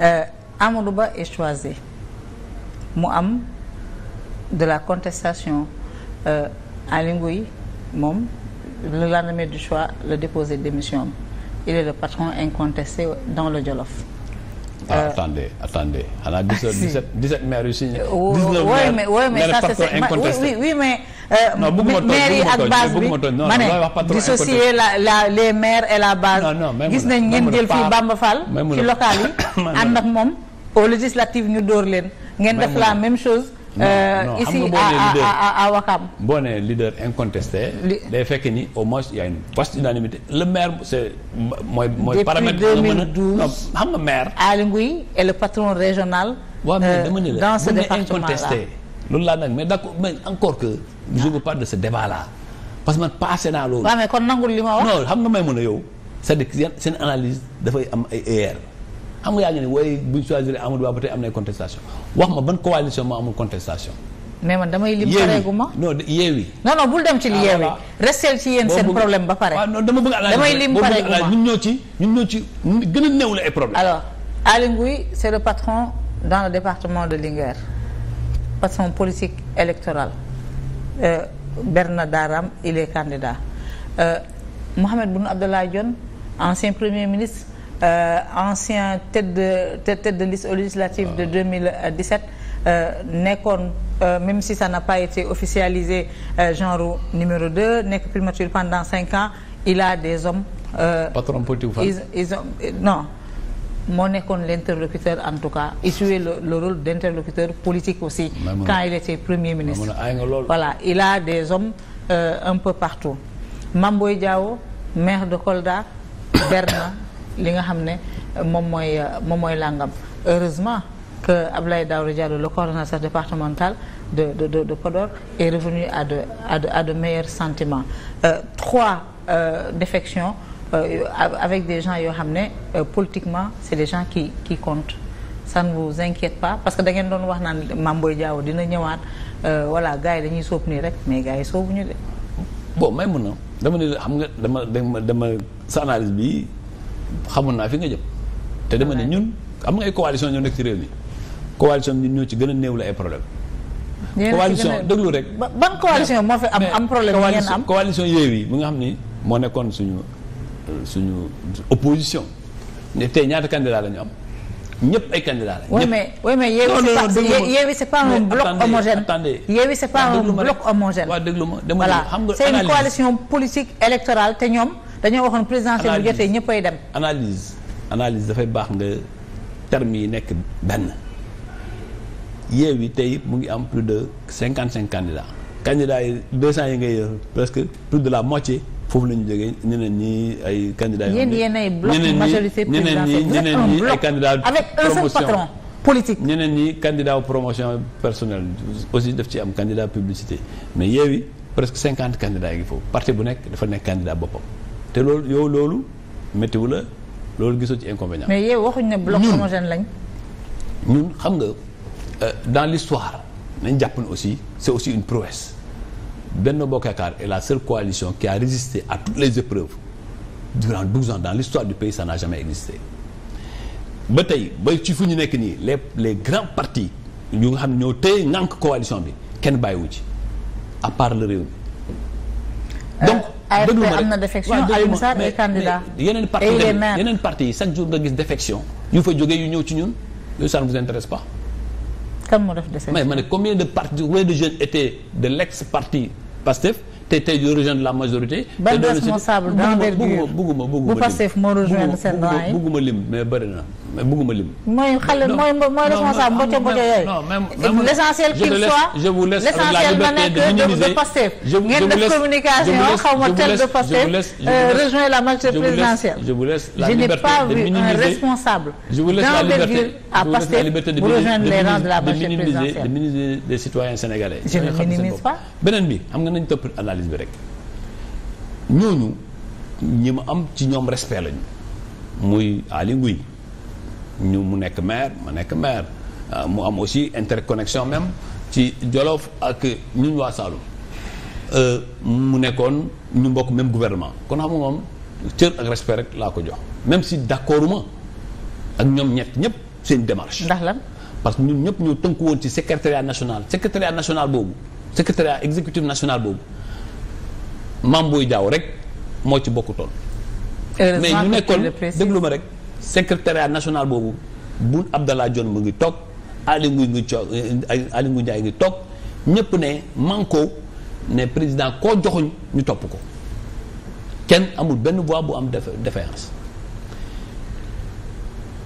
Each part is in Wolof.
Euh, Amadou Ba est choisi mu am de la contestation euh, Aly Ngouille moom le lendemain du choix le déposé démission am il est le patron incontesté dans le Jolof. Ah, euh, attendez attendez xanaa 17 17 17 maires yu signé. 19 maires mais oui mais ça c'est oui oui mais. Euh, non bëgguma tooñ maire yi ak base bi ma ne dissocier la la les maires la base. gis nañ ngeen jël fii Bamba ci local yi ànd ak moom au législative ñu dóor leen. ngeen def la même chose. non euh, ici à à boo nee leader incontesté. day fekk ni au moins y a une unanimité le maire c'est mooy mooy paramètre. depuis 2012 non xam nga maire. le patron régional. waaw mais euh, dans ce département là loolu laa nag mais d'accord mais encore que. je veux pas de ce débat là parce que man passé naa loolu. waaw mais kon nangul li ma wax. non xam nga may mën a yow c'est-à-dire seen analyse dafay am ay erreur xam nga yaa ngi ne waaye bu ñu choisir Amadou Ba ba am na contestation wax ma ban coalition moo amul contestation. mais man damay lim pareegu ma non yeewi non non bul dem ci li ah, yeewi restel ci yéen seen problème ba pare. Ah, non dama bëgg damay lim pareegu ma ñun ñoo ci ñun ñoo ci gën a néew la ay problème alors Aly le patron dans le département de Linguère patron politique électorale Euh, Bernard Daram il est candidat euh, Mohamed Boun Abdallah Dionne ancien premier ministre euh, ancien tête de tête de liste aux législatives de 2017 nekkoon même si ça n'a pas été officialisé genre numéro 2 nekk primature pendant cinq ans il a des hommes patron politique ils non moo nekkoon l'interlocuteur en tout cas il jouait le, le rôle d'interlocuteur politique aussi Maman. quand il était premier ministre Maman. voilà il a des hommes euh, un peu partout Mame Boye Diao maire de Kolda Berna li nga xam ne moom mooy euh, moom mooy làngam heureusement que Abdoulaye Daouda Diallo le coordonnateur départemental de de de, de Podor est revenu à de à de à de meilleurs sentiments euh, trois euh, défections Euh, avec des gens yoo xam ne euh, politiquement c'est les gens qui qui comptent ça ne vous inquiète pas parce que da ngeen doon wax naan Mame Boye Diao dina ñëwaat euh, voilà gars yi dañuy sóob nii rek mais gars yi sóobuñu de. bon may mun na dama ne nga dama dama dama sa bi xamoon naa fi nga jëm. te dama ne ñun am nga ay coalition ñoo nekk ci réew mi coalition ñun ñoo ci gën a néew la ay problème coalition déglu rek. ban coalition moo fi am am problème ngeen am coalition yéew yi bi nga xam ni moo nekkoon suñu. suñu opposition ne tey ñaata candidat la ñu am ñëpp ay candidats la. ñëpp mais oui mais Yewwi c'est pas un bloc homogène. attendez déglu ma dama xam nga c'est une coalition politique électorale te ñoom dañoo waxoon présidentielle bu jotee ñëpp ay dem. analyse analyse dafay baax nga termes yi nekk benn Yewwi tey mu ngi am plus de cinquante cinq candidats. candidats yi deux yi ngay yor presque plus de la moitié. foofu la ñu jógee ñeneen ñi ay candidats yoo xam ne yéen ay bloc majorité présidentielle ñeneen ñi ñi ay candidats avec un seul ñi candidat promotion personnelle aussi daf ci am candidat publicité mais Yewwi presque cinquante candidats yi ngi foofu parti bu nekk dafa nekk candidat boppam te loolu yow loolu méttiwu la loolu gisoo ci inconvénient mais yow waxuñ ne bloc homogène lañ ñun xam nga euh, dans l'histoire nañ jàpp ne aussi c'est aussi une prouesse benn Bokk et est la seule coalition qui a résisté à toutes les épreuves durant 12 ans dans l'histoire du pays ça n'a jamais existé ba tey ba ci fu ñu nekk nii les les grands partis ñu nga xam ne ñoo téye ŋànk coalition bi kenn bàyyiwu ci à part le réew mi euh, donc dëgg ma na défection Alioune Sarr est candidat yeneen parti yeneen parti yi chaque jour nga gis défection yu fa jógee yu ñëw ci ñun yooyu ça ne vous intéresse pas kan mais ma ne combien de partis combien de jeunes étaient de l'ex-parti Pastef te tey di rejoindre la majorité. ban responsable dans l'ordre bugguma bugguma bugguma lim bu Pastef moo rejoindre seen bugguma lim mais bëri na. mais bëgguma lim. mooy xale mooy mooy responsable mbocco mbocco yooyu. non même l' essentiel qu' il soit je vous laisse avec la liberté de minimiser de Pastef ngeen def communication de Pastef euh, rejoint la majorité présidentielle. je vous laisse la liberté de minimiser la liberté à Pastef mu rejoindre les de la majorité présidentielle de minimiser des citoyens sénégalais. je ne minimise pas beneen bi xam nga nañ topp analyse bi rek ñooñu ñi ma am ci ñoom respect lañu muy Aly ñu mu nekk maire ma nekk maire euh, mu am aussi interconnexion même ci Jolof ak ñu waa Saalum euh, mu nekkoon ñu mbokk même gouvernement kon xam nga moom cër ak respect rek laa ko jox même si d'accord ma ak ñoom ñett ñëpp seen démarche. ndax lan parce que ñun ñëpp ñu tënku woon ci secrétariat national secrétariat national boobu secrétariat exécutif national boobu Mame Boye Diao rek moo ci bokkutoon. mais ñu nekkoon déglu ma rek. secrétariat national boobu Boun Abdallah Dionne mu ngi toog Aly Ngouille ngi co Aly Ngouille Ndiaye ngi toog ñépp ne manko ne président ko joxuñ ñu topp ko kenn amul benn voix bu am def défaillance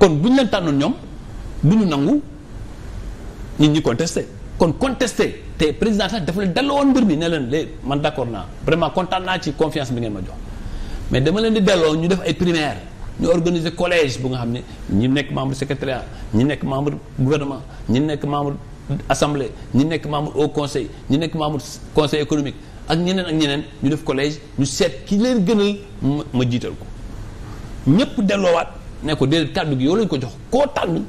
kon bu ñu leen tànnoon ñoom du ñu nangu nit ñi contesté kon contesté te président sax dafa leen delloo woon mbir mi ne leen lé man d'accord naa vraiment kontaan naa ci confiance bi ngeen ma jox mais dama leen di delloo ñu def ay primaire ñu organiser collège bu nga xam ne ñu nekk membre secrétariat ñu nekk membre gouvernement ñu nekk membre assemblée ñu nekk membre au conseil ñu nekk membre conseil économique ak ñeneen ak ñeneen ñu def collège ñu seet ki leen gënal ma jiital ko ñëpp delloowaat ne ko déedéet kàddu gi yow lañ ko jox koo tànn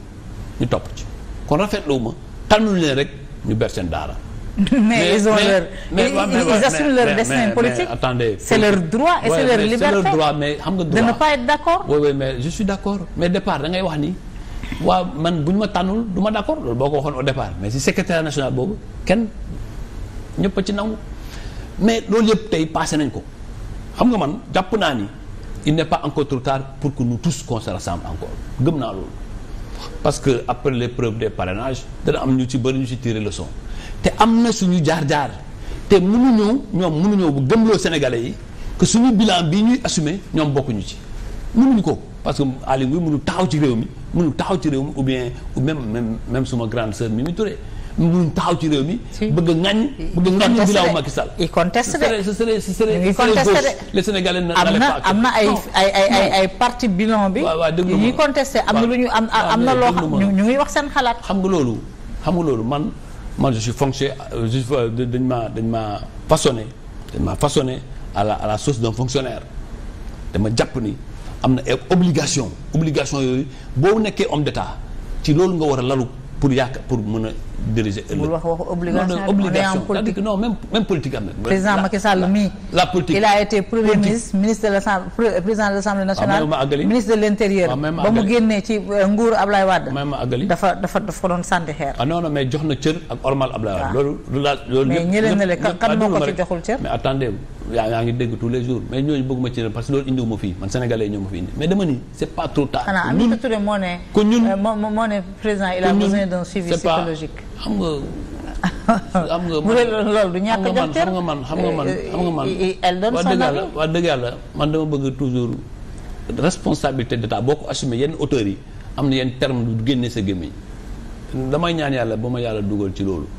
ñu topp ci kon rafetlu ma tànnuñu leen rek ñu ber seen daara. mais ils ont leur mais ils destin politique. attendez c'est leur droit et c'est leur liberté. mais xam nga droit de ne pas être mais je suis d'accord mais départ da wax ni waaw man bu ñu ma tànnul duma ma d'accord loolu boo ko waxoon au départ mais si secrétaire national boobu kenn ñëpp ci nangu mais loolu yëpp tey passé nañ ko xam nga man jàpp naa ni il n'est pas encore trop tard pour que nous tous qu'on se rassemble encore gëm naa loolu parce que après l'épreuve des parrainages dana am ñu ci bëri ñu ci tirer leçon te am na suñu jaar-jaar te mënuñoo ñoom munu mënuñoo bu loo sénégalais yi que suñu bilan bi ñuy assumer ñoom bokkuñu ci mënuñu ko parce que Aly Ngouille mënu taxaw ci réew mi mënu taxaw ci réew mi ou bien ou même suma grande sœur Mimi Touré mënu taxaw ci réew mi. bëgg a ŋañ. bëgg a ŋañ bilan Macky Sall. il conteste de ce serait sere serait ce serait les Sénégalais am na am na ay ay ay ay parti bilan bi. waaw waaw dëgg ñuy contesté am na lu ñu am am na loo xam ñu ngi wax seen xalaat. xam nga loolu xam nga loolu man. man je suis fonctionnaire euh, euh, dañ ma dañ ma façonné dañ façonné à la à la sauce d'un fonctionnaire dama jàpp ni am na obligation obligation yooyu boo nekkee homme d'état ci loolu nga war a lalu pour yaakaar pour mën a diriger. ëllëg wax waxu obligation non obligation c'est-à-dire que na. président Macky Sall mii. la politique il a été premier ministre ministre de l'Assemblée président de l'Assemblée ah, nationale. ministre de l'intérieur. Ah, ba mu génnee ci euh, nguur Ablaye Wade. même àggali dafa dafa dafa doon sànni xeer. ah non mais jox na cër ak ormal Ablaye Wade. Ah. loolu loolu. mais ñeneen ne kat moo ko ci joxul cër. mais attendez yaa yaa ngi dégg tous les jours mais ñooñu bëgguma ci parce que loolu indiwu ma fii man sénégalais ñoo ma fi indi mais dama ni c' est pas trop tard. xanaa Aminata ku ñun euh, moo ne président il a besoin xam nga. xam nga man loolu du ñàkk jox xam nga man man xam nga man. elle donne son avis wax dëgg yàlla man dama bëgg toujours responsabilité d' état boo ko assumé yenn auteurs yi am na yenn terme du génne sa gémmiñ damay ñaan yàlla ba ma yàlla dugal ci loolu.